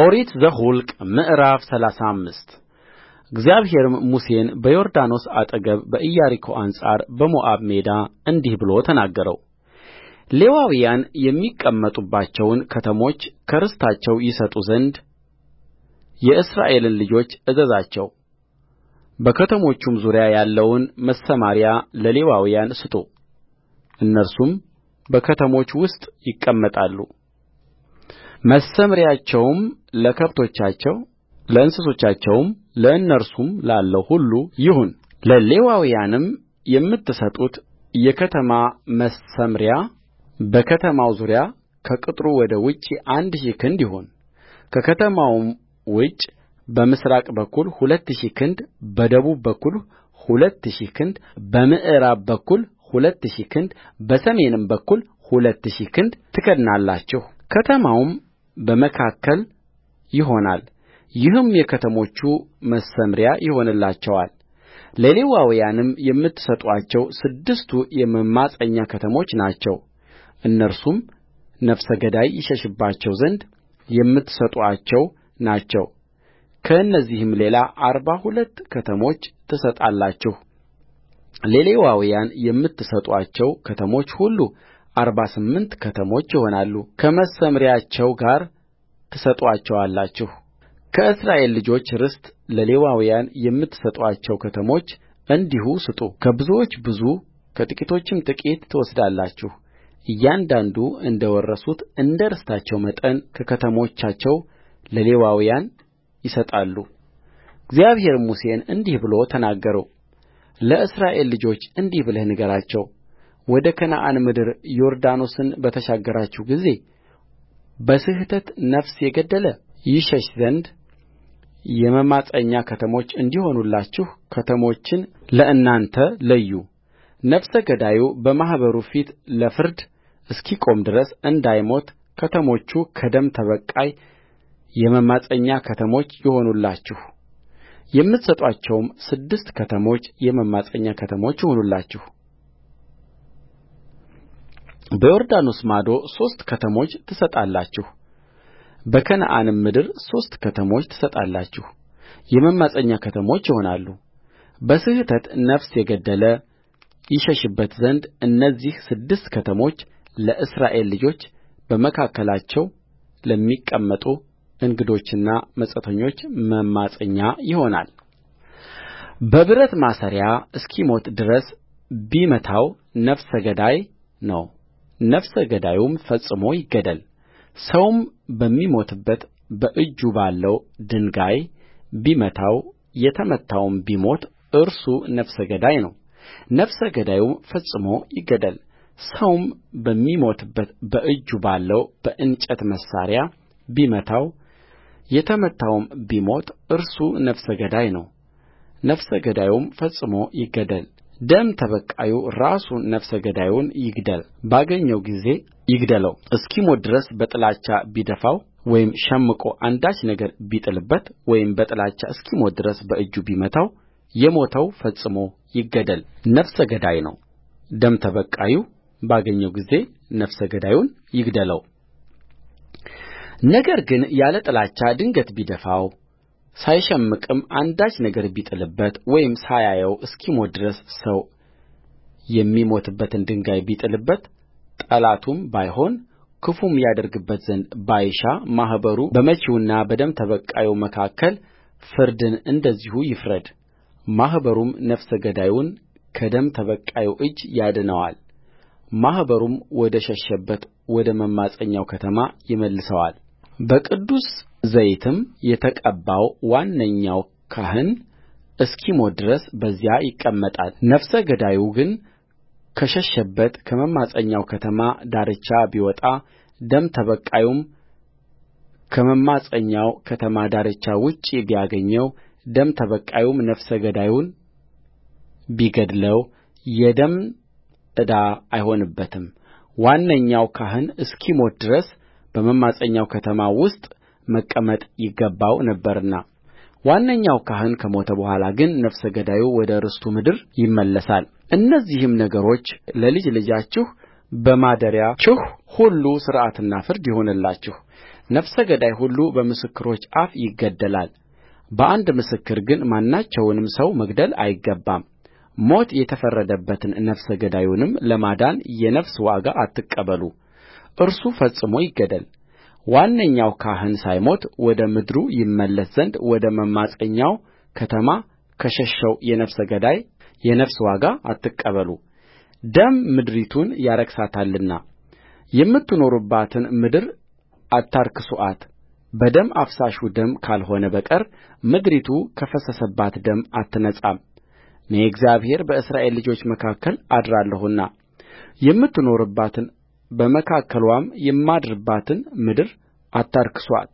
ኦሪት ዘኍልቍ ምዕራፍ ሰላሳ አምስት እግዚአብሔርም ሙሴን በዮርዳኖስ አጠገብ በኢያሪኮ አንጻር በሞዓብ ሜዳ እንዲህ ብሎ ተናገረው ሌዋውያን የሚቀመጡባቸውን ከተሞች ከርስታቸው ይሰጡ ዘንድ የእስራኤልን ልጆች እዘዛቸው በከተሞቹም ዙሪያ ያለውን መሰማሪያ ለሌዋውያን ስጡ እነርሱም በከተሞች ውስጥ ይቀመጣሉ መሰምርያቸውም ለከብቶቻቸው ለእንስሶቻቸውም ለእነርሱም ላለው ሁሉ ይሁንለሌዋውያንም የምትሰጡት የከተማ መሰምርያ በከተማው ዙሪያ ከቅጥሩ ወደ ውጭ አንድ ሺህ ክንድ ይሁን ከከተማውም ውጭ በምሥራቅ በኩል ሁለት ሺህ ክንድ በደቡብ በኩል ሁለት ሺህ ክንድ በምዕራብ በኩል ሁለት ሺህ ክንድ በሰሜንም በኩል ሁለት ሺህ ክንድ ትከድናላችሁ ከተማውም በመካከል ይሆናል ይህም የከተሞቹ መሰምርያ ለሌዋውያንም የምትሰጡአቸው ስድስቱ የመማፀኛ ከተሞች ናቸው እነርሱም ነፍሰ ገዳይ ይሸሽባቸው ዘንድ የምትሰጡአቸው ናቸው ከእነዚህም ሌላ አርባ ሁለት ከተሞች ትሰጣላችሁ ለሌዋውያን የምትሰጡአቸው ከተሞች ሁሉ አርባ ስምንት ከተሞች ይሆናሉ ከመሰምርያቸው ጋር ትሰጡአቸዋላችሁ ከእስራኤል ልጆች ርስት ለሌዋውያን የምትሰጡአቸው ከተሞች እንዲሁ ስጡ ከብዙዎች ብዙ ከጥቂቶችም ጥቂት ትወስዳላችሁ እያንዳንዱ እንደ ወረሱት እንደ ርስታቸው መጠን ከከተሞቻቸው ለሌዋውያን ይሰጣሉእግዚአብሔርም ሙሴን እንዲህ ብሎ ተናገረውለእስራኤል ልጆች እንዲህ ብለህ ንገራቸው ወደ ከነዓን ምድር ዮርዳኖስን በተሻገራችሁ ጊዜ በስሕተት ነፍስ የገደለ ይሸሽ ዘንድ የመማፀኛ ከተሞች እንዲሆኑላችሁ ከተሞችን ለእናንተ ለዩነፍሰ ገዳዩ በማኅበሩ ፊት ለፍርድ እስኪቆም ድረስ እንዳይሞት ከተሞቹ ከደም ተበቃይ የመማፀኛ ከተሞች ይሁኑላችሁ። የምትሰጡአቸውም ስድስት ከተሞች የመማፀኛ ከተሞች ይሁኑላችሁ በዮርዳኖስ ማዶ ሦስት ከተሞች ትሰጣላችሁ በከነዓንም ምድር ሦስት ከተሞች ትሰጣላችሁ የመማፀኛ ከተሞች ይሆናሉ። በስሕተት ነፍስ የገደለ ይሸሽበት ዘንድ እነዚህ ስድስት ከተሞች ለእስራኤል ልጆች በመካከላቸው ለሚቀመጡ እንግዶችና መጻተኞች መማፀኛ በብረት ማሰሪያ እስኪሞት ድረስ ቢመታው ነፍሰ ገዳይ ነው ነፍሰ ገዳዩም ፈጽሞ ይገደል ሰውም በሚሞትበት በእጁ ባለው ድንጋይ ቢመታው የተመታውም ቢሞት እርሱ ነፍሰ ገዳይ ነው ነፍሰ ገዳዩም ፈጽሞ ይገደል ሰውም በሚሞትበት በእጁ ባለው በእንጨት መሣሪያ ቢመታው የተመታውም ቢሞት እርሱ ነፍሰ ገዳይ ነው ነፍሰ ገዳዩም ፈጽሞ ይገደል ደም ተበቃዩ ራሱ ነፍሰ ገዳዩን ይግደል ባገኘው ጊዜ ይግደለው እስኪሞት ድረስ በጥላቻ ቢደፋው ወይም ሸምቆ አንዳች ነገር ቢጥልበት ወይም በጥላቻ እስኪሞት ድረስ በእጁ ቢመታው የሞተው ፈጽሞ ይገደል ነፍሰ ገዳይ ነው ደም ተበቃዩ ባገኘው ጊዜ ነፍሰ ገዳዩን ይግደለው ነገር ግን ያለ ጥላቻ ድንገት ቢደፋው ሳይሸምቅም አንዳች ነገር ቢጥልበት ወይም ሳያየው እስኪሞት ድረስ ሰው የሚሞትበትን ድንጋይ ቢጥልበት። ጠላቱም ባይሆን ክፉም ያደርግበት ዘንድ ባይሻ ማኅበሩ በመቺውና በደም ተበቃዩ መካከል ፍርድን እንደዚሁ ይፍረድ። ማኅበሩም ነፍሰ ገዳዩን ከደም ተበቃዩ እጅ ያድነዋል ማኅበሩም ወደ ሸሸበት ወደ መማፀኛው ከተማ ይመልሰዋል በቅዱስ ዘይትም የተቀባው ዋነኛው ካህን እስኪሞት ድረስ በዚያ ይቀመጣልነፍሰ ገዳዩ ግን ከሸሸበት ከመማፀኛው ከተማ ዳርቻ ቢወጣ ደም ተበቃዩም ከመማፀኛው ከተማ ዳርቻ ውጭ ቢያገኘው ደም ተበቃዩም ነፍሰ ገዳዩን ቢገድለው የደም ዕዳ አይሆንበትምዋነኛው ካህን እስኪሞት ድረስ በመማፀኛው ከተማ ውስጥ መቀመጥ ይገባው ነበርና ዋነኛው ካህን ከሞተ በኋላ ግን ነፍሰ ገዳዩ ወደ ርስቱ ምድር ይመለሳልእነዚህም ነገሮች ለልጅ ልጃችሁ በማደሪያችሁ ሁሉ ሥርዓትና ፍርድ ይሁኑላችሁ ነፍሰ ገዳይ ሁሉ በምስክሮች አፍ ይገደላል በአንድ ምስክር ግን ማናቸውንም ሰው መግደል አይገባም ሞት የተፈረደበትን ነፍሰ ገዳዩንም ለማዳን የነፍስ ዋጋ አትቀበሉ እርሱ ፈጽሞ ይገደል ዋነኛው ካህን ሳይሞት ወደ ምድሩ ይመለስ ዘንድ ወደ መማፀኛው ከተማ ከሸሸው የነፍሰ ገዳይ የነፍስ ዋጋ አትቀበሉደም ምድሪቱን ያረክሳታልና የምትኖሩባትን ምድር አታርክሱአት በደም አፍሳሹ ደም ካልሆነ በቀር ምድሪቱ ከፈሰሰባት ደም አትነጻም እኔ እግዚአብሔር በእስራኤል ልጆች መካከል አድራለሁና የምትኖሩባትን በመካከልዋም የማድርባትን ምድር አታርክሱአት